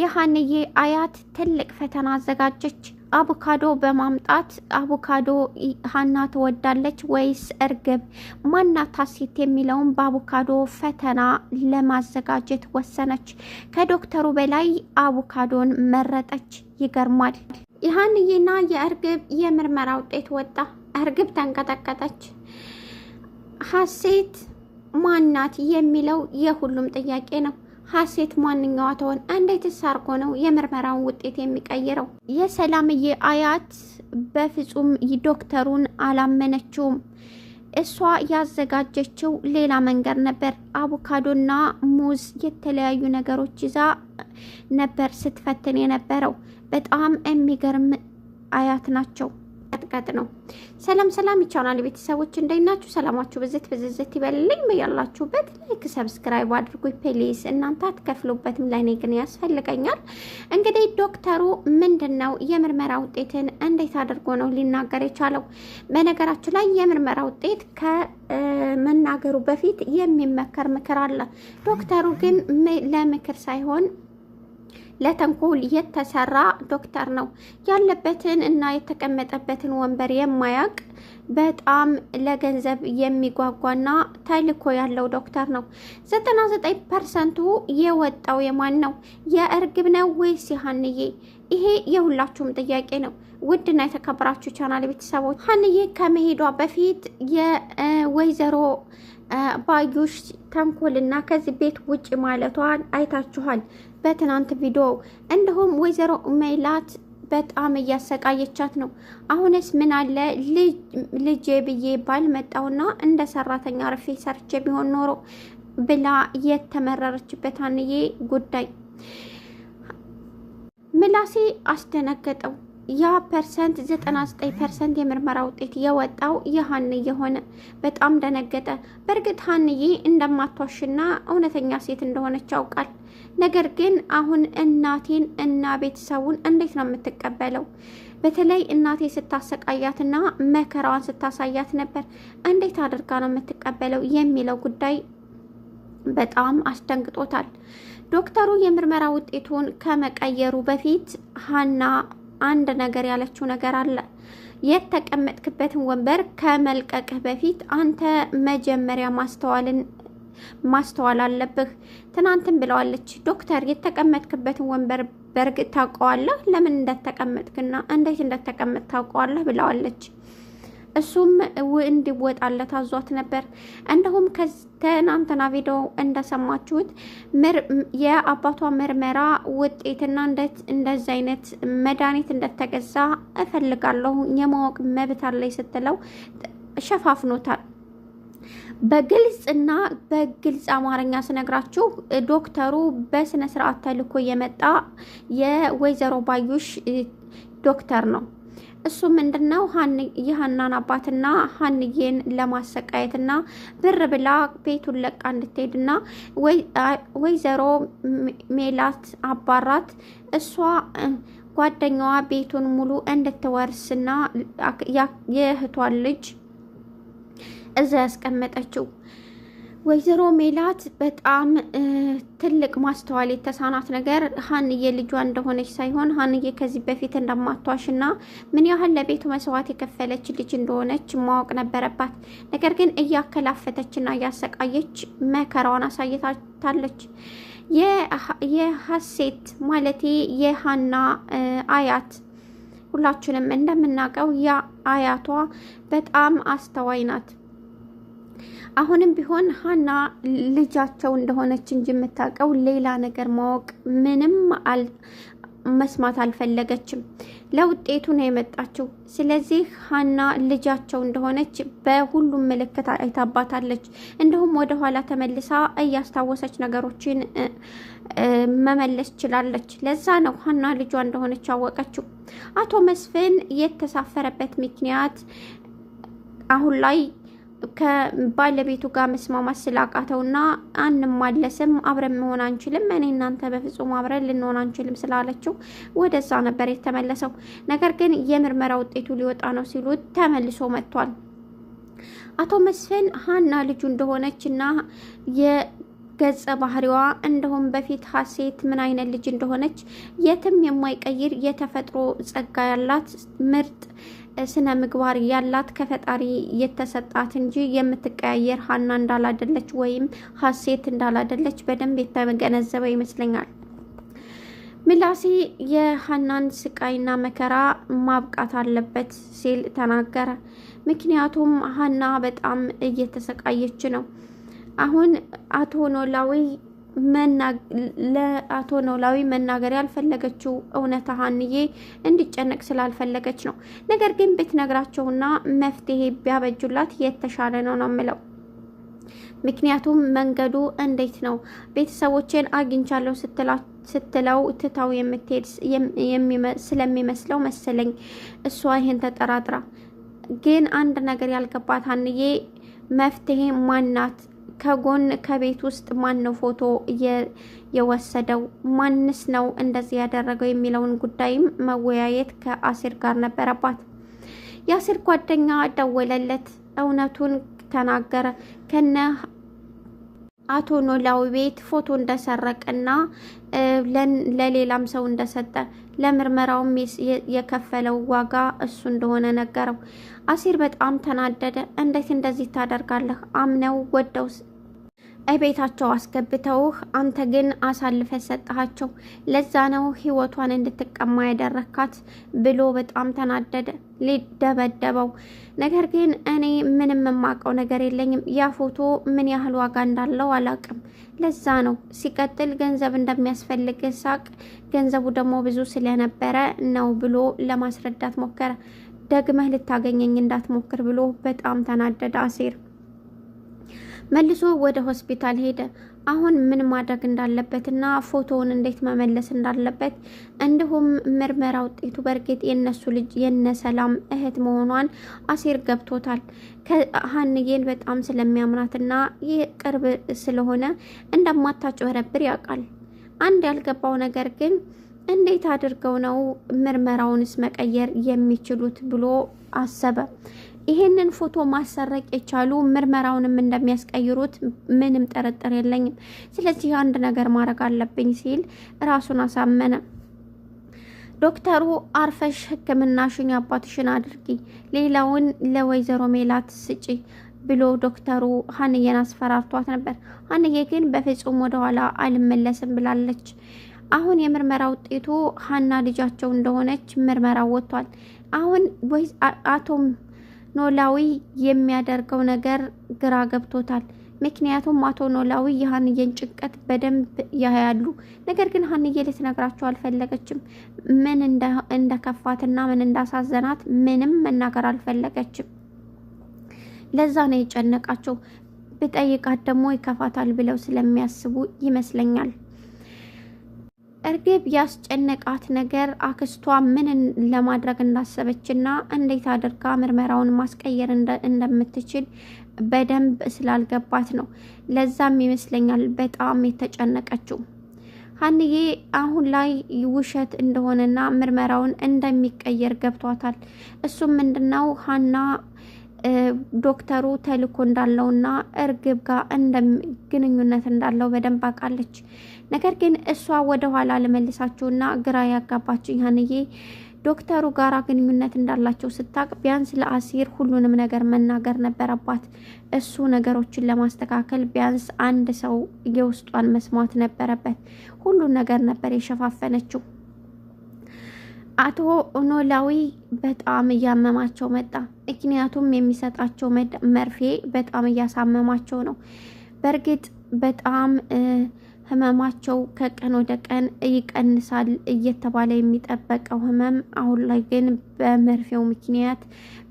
የሀንዬ አያት ትልቅ ፈተና አዘጋጀች። አቮካዶ በማምጣት አቮካዶ ሀና ትወዳለች ወይስ እርግብ ማናት ሀሴት የሚለውን በአቮካዶ ፈተና ለማዘጋጀት ወሰነች። ከዶክተሩ በላይ አቮካዶን መረጠች። ይገርማል። የሀንዬና የእርግብ የምርመራ ውጤት ወጣ። እርግብ ተንቀጠቀጠች። ሀሴት ማናት የሚለው የሁሉም ጥያቄ ነው። ሀሴት ማንኛዋ ትሆን? እንዴትስ አድርጎ ነው የምርመራውን ውጤት የሚቀይረው? የሰላምዬ አያት በፍጹም ዶክተሩን አላመነችውም። እሷ ያዘጋጀችው ሌላ መንገድ ነበር። አቮካዶና ሙዝ፣ የተለያዩ ነገሮች ይዛ ነበር ስትፈትን የነበረው። በጣም የሚገርም አያት ናቸው። መርገጥ ነው። ሰላም ሰላም ይቻላል ቤተሰቦች፣ እንደናችሁ ሰላማችሁ ብዝት ብዝዝት ይበልልኝ። በያላችሁበት ላይክ፣ ሰብስክራይብ አድርጉ ፕሊስ። እናንተ አትከፍሉበትም፣ ለእኔ ግን ያስፈልገኛል። እንግዲህ ዶክተሩ ምንድን ነው የምርመራ ውጤትን እንዴት አድርጎ ነው ሊናገር የቻለው? በነገራችሁ ላይ የምርመራ ውጤት ከመናገሩ በፊት የሚመከር ምክር አለ። ዶክተሩ ግን ለምክር ሳይሆን ለተንኮል የተሰራ ዶክተር ነው። ያለበትን እና የተቀመጠበትን ወንበር የማያውቅ በጣም ለገንዘብ የሚጓጓና ተልዕኮ ያለው ዶክተር ነው። 99 ፐርሰንቱ የወጣው የማን ነው? የእርግብ ነው ወይስ የሀንዬ? ይሄ የሁላችሁም ጥያቄ ነው። ውድና የተከበራችሁ ቻናል ቤተሰቦች ሀንዬ ከመሄዷ በፊት የወይዘሮ ባዩሽ ተንኮልና ከዚህ ቤት ውጭ ማለቷን አይታችኋል በትናንት ቪዲዮ። እንዲሁም ወይዘሮ ሜላት በጣም እያሰቃየቻት ነው። አሁንስ ምን አለ ልጄ ብዬ መጣውና እንደ ሰራተኛ ርፌ ሰርቼ ቢሆን ኖሮ ብላ የተመረረችበት አንዬ ጉዳይ ምላሴ አስደነገጠው። ያ ፐርሰንት 99 ፐርሰንት የምርመራ ውጤት የወጣው የሀንዬ የሆነ በጣም ደነገጠ። በእርግጥ ሀንዬ እንደማቷሽና እውነተኛ ሴት እንደሆነች ያውቃል። ነገር ግን አሁን እናቴን እና ቤተሰቡን እንዴት ነው የምትቀበለው? በተለይ እናቴ ስታሰቃያትና መከራዋን ስታሳያት ነበር። እንዴት አድርጋ ነው የምትቀበለው የሚለው ጉዳይ በጣም አስደንግጦታል። ዶክተሩ የምርመራ ውጤቱን ከመቀየሩ በፊት ሀና አንድ ነገር ያለችው ነገር አለ። የተቀመጥክበትን ወንበር ከመልቀቅህ በፊት አንተ መጀመሪያ ማስተዋልን ማስተዋል አለብህ። ትናንትን ብለዋለች ዶክተር፣ የተቀመጥክበትን ወንበር በእርግጥ ታውቀዋለህ፣ ለምን እንደተቀመጥክና እንዴት እንደተቀመጥ ታውቀዋለህ ብለዋለች። እሱም እንዲወጣለት አዟት ነበር። እንዲሁም ከትናንትና ቪዲዮ እንደሰማችሁት የአባቷ ምርመራ ውጤትና እንደዚ አይነት መድኃኒት እንደተገዛ እፈልጋለሁ የማወቅ መብት አለኝ ስትለው ሸፋፍኖታል። በግልጽና በግልጽ አማርኛ ስነግራችሁ ዶክተሩ በስነ ስርዓት ተልኮ የመጣ የወይዘሮ ባዩሽ ዶክተር ነው። እሱ ምንድን ነው የሀናን አባትና ሀንዬን ለማሰቃየትና ብር ብላ ቤቱን ለቃ እንድትሄድና ወይዘሮ ሜላት አባራት እሷ ጓደኛዋ ቤቱን ሙሉ እንድትወርስና የእህቷን ልጅ እዛ ያስቀመጠችው ወይዘሮ ሜላት በጣም ትልቅ ማስተዋል የተሳናት ነገር ሀንዬ ልጇ እንደሆነች ሳይሆን ሀንዬ ከዚህ በፊት እንደማቷሽና ምን ያህል ለቤቱ መስዋዕት የከፈለች ልጅ እንደሆነች ማወቅ ነበረባት። ነገር ግን እያከላፈተችና እያሰቃየች መከራዋን አሳይታታለች። የሀሴት ማለቴ የሀና አያት ሁላችንም እንደምናውቀው ያ አያቷ በጣም አስተዋይ ናት። አሁንም ቢሆን ሀና ልጃቸው እንደሆነች እንጂ የምታውቀው ሌላ ነገር ማወቅ ምንም መስማት አልፈለገችም። ለውጤቱ ነው የመጣችው። ስለዚህ ሀና ልጃቸው እንደሆነች በሁሉም ምልክት አይታባታለች። እንዲሁም ወደ ኋላ ተመልሳ እያስታወሰች ነገሮችን መመለስ ችላለች። ለዛ ነው ሀና ልጇ እንደሆነች አወቀችው። አቶ መስፍን የተሳፈረበት ምክንያት አሁን ላይ ከባለቤቱ ጋር መስማማት ና አንማለስም፣ አብረን መሆን አንችልም፣ እኔ እናንተ በፍጹም አብረን ልንሆን አንችልም ስላለችው ወደዛ ነበር የተመለሰው። ነገር ግን የምርመራ ውጤቱ ሊወጣ ነው ሲሉ ተመልሶ መጥቷል። አቶ መስፍን ሀና ልጁ እንደሆነች ና ገጸ ባህሪዋ እንዲሁም በፊት ሀሴት ምን አይነት ልጅ እንደሆነች የትም የማይቀይር የተፈጥሮ ጸጋ ያላት ምርጥ ስነ ምግባር ያላት ከፈጣሪ የተሰጣት እንጂ የምትቀያየር ሀና እንዳላደለች ወይም ሀሴት እንዳላደለች በደንብ የተገነዘበ ይመስለኛል። ምላሴ የሀናን ስቃይና መከራ ማብቃት አለበት ሲል ተናገረ። ምክንያቱም ሀና በጣም እየተሰቃየች ነው። አሁን አቶ ኖላዊ ለአቶ ኖላዊ መናገር ያልፈለገችው እውነት ሀንዬ እንዲጨነቅ ስላልፈለገች ነው። ነገር ግን ብትነግራቸውና መፍትሄ ቢያበጁላት የተሻለ ነው ነው የምለው። ምክንያቱም መንገዱ እንዴት ነው ቤተሰቦቼን አግኝቻለሁ ስትለው ትታው የምትሄድ ስለሚመስለው መሰለኝ እሷ ይህን ተጠራጥራ። ግን አንድ ነገር ያልገባት ሀንዬ መፍትሄ ማናት ከጎን ከቤት ውስጥ ማን ነው ፎቶ የወሰደው? ማንስ ነው እንደዚህ ያደረገው የሚለውን ጉዳይም መወያየት ከአሲር ጋር ነበረባት። የአሲር ጓደኛ ደወለለት፣ እውነቱን ተናገረ። ከነ አቶ ኖላዊ ቤት ፎቶ እንደሰረቀና ለሌላም ሰው እንደሰጠ ለምርመራውም የከፈለው ዋጋ እሱ እንደሆነ ነገረው። አሲር በጣም ተናደደ። እንዴት እንደዚህ ታደርጋለህ? አምነው ወደው እቤታቸው አስገብተውህ አንተ ግን አሳልፈ ሰጠሃቸው። ለዛ ነው ህይወቷን እንድትቀማ ያደረካት ብሎ በጣም ተናደደ ሊደበደበው። ነገር ግን እኔ ምንም የማውቀው ነገር የለኝም። ያ ፎቶ ምን ያህል ዋጋ እንዳለው አላውቅም። ለዛ ነው። ሲቀጥል ገንዘብ እንደሚያስፈልግ ሳቅ፣ ገንዘቡ ደግሞ ብዙ ስለነበረ ነው ብሎ ለማስረዳት ሞከረ። ደግመህ ልታገኘኝ እንዳትሞክር ብሎ በጣም ተናደደ አሴር መልሶ ወደ ሆስፒታል ሄደ። አሁን ምን ማድረግ እንዳለበትና ፎቶውን እንዴት መመለስ እንዳለበት እንዲሁም ምርመራ ውጤቱ በእርግጥ የነሱ ልጅ የነሰላም እህት መሆኗን አሴር ገብቶታል። ከሀንዬን በጣም ስለሚያምናትና ይህ ቅርብ ስለሆነ እንደማታጭበረብር ያውቃል። አንድ ያልገባው ነገር ግን እንዴት አድርገው ነው ምርመራውንስ መቀየር የሚችሉት ብሎ አሰበ። ይሄንን ፎቶ ማሰረቅ የቻሉ ምርመራውንም እንደሚያስቀይሩት ምንም ጥርጥር የለኝም። ስለዚህ አንድ ነገር ማድረግ አለብኝ ሲል ራሱን አሳመነ። ዶክተሩ አርፈሽ ሕክምናሽን አባትሽን አድርጊ፣ ሌላውን ለወይዘሮ ሜላት ስጪ ብሎ ዶክተሩ ሀንዬን አስፈራርቷት ነበር። ሀንዬ ግን በፍጹም ወደኋላ አልመለስም ብላለች። አሁን የምርመራ ውጤቱ ሀና ልጃቸው እንደሆነች ምርመራው ወጥቷል። አሁን አቶ ኖላዊ የሚያደርገው ነገር ግራ ገብቶታል። ምክንያቱም አቶ ኖላዊ የሀንዬን ጭንቀት በደንብ ያያሉ። ነገር ግን ሀንዬ ልትነግራቸው አልፈለገችም። ምን እንደከፋትና ምን እንዳሳዘናት ምንም መናገር አልፈለገችም። ለዛ ነው የጨነቃቸው። ብጠይቃት ደግሞ ይከፋታል ብለው ስለሚያስቡ ይመስለኛል። እርግብ ያስጨነቃት ነገር አክስቷ ምን ለማድረግ እንዳሰበችና እንዴት አድርጋ ምርመራውን ማስቀየር እንደምትችል በደንብ ስላልገባት ነው። ለዛም ይመስለኛል በጣም የተጨነቀችው። ሀንዬ አሁን ላይ ውሸት እንደሆነና ምርመራውን እንደሚቀየር ገብቷታል። እሱም ምንድነው ሀና ዶክተሩ ተልእኮ እንዳለውና እርግብ ጋር ግንኙነት እንዳለው በደንብ አውቃለች። ነገር ግን እሷ ወደ ኋላ ልመልሳችሁና ግራ ያጋባችሁ ይህንዬ ዶክተሩ ጋር ግንኙነት እንዳላቸው ስታቅ ቢያንስ ለአሲር ሁሉንም ነገር መናገር ነበረባት። እሱ ነገሮችን ለማስተካከል ቢያንስ አንድ ሰው የውስጧን መስማት ነበረበት። ሁሉን ነገር ነበር የሸፋፈነችው። አቶ ኖላዊ በጣም እያመማቸው መጣ። ምክንያቱም የሚሰጣቸው መርፌ በጣም እያሳመማቸው ነው። በእርግጥ በጣም ህመማቸው ከቀን ወደ ቀን ይቀንሳል እየተባለ የሚጠበቀው ህመም አሁን ላይ ግን በመርፌው ምክንያት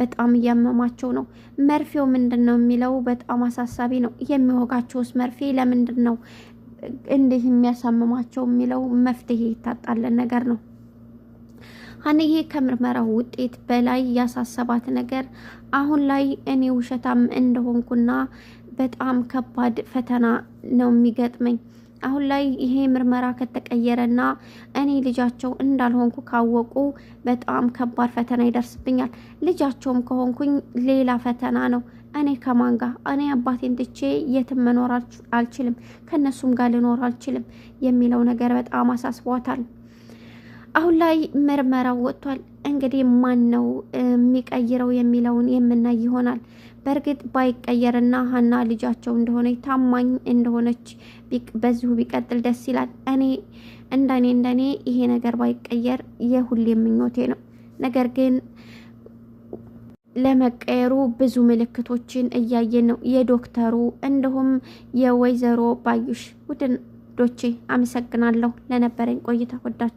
በጣም እያመማቸው ነው። መርፌው ምንድን ነው የሚለው በጣም አሳሳቢ ነው። የሚወጋቸውስ መርፌ ለምንድን ነው እንዲህ የሚያሳምማቸው የሚለው መፍትሄ ይታጣለን ነገር ነው። ሀንዬ ከምርመራው ውጤት በላይ ያሳሰባት ነገር አሁን ላይ እኔ ውሸታም እንደሆንኩና በጣም ከባድ ፈተና ነው የሚገጥመኝ አሁን ላይ ይሄ ምርመራ ከተቀየረና እኔ ልጃቸው እንዳልሆንኩ ካወቁ በጣም ከባድ ፈተና ይደርስብኛል። ልጃቸውም ከሆንኩኝ ሌላ ፈተና ነው። እኔ ከማን ጋር እኔ አባቴን ትቼ የትም መኖር አልችልም፣ ከእነሱም ጋር ልኖር አልችልም የሚለው ነገር በጣም አሳስቧታል። አሁን ላይ ምርመራው ወጥቷል። እንግዲህ ማን ነው የሚቀይረው የሚለውን የምናይ ይሆናል። በእርግጥ ባይቀየርና ሀና ልጃቸው እንደሆነ ታማኝ እንደሆነች በዚሁ ቢቀጥል ደስ ይላል። እኔ እንደኔ እንደኔ ይሄ ነገር ባይቀየር የሁሌ ምኞቴ ነው። ነገር ግን ለመቀየሩ ብዙ ምልክቶችን እያየን ነው። የዶክተሩ እንዲሁም የወይዘሮ ባዩሽ ቡድን ዶቼ አመሰግናለሁ ለነበረኝ ቆይታ ወዳችሁ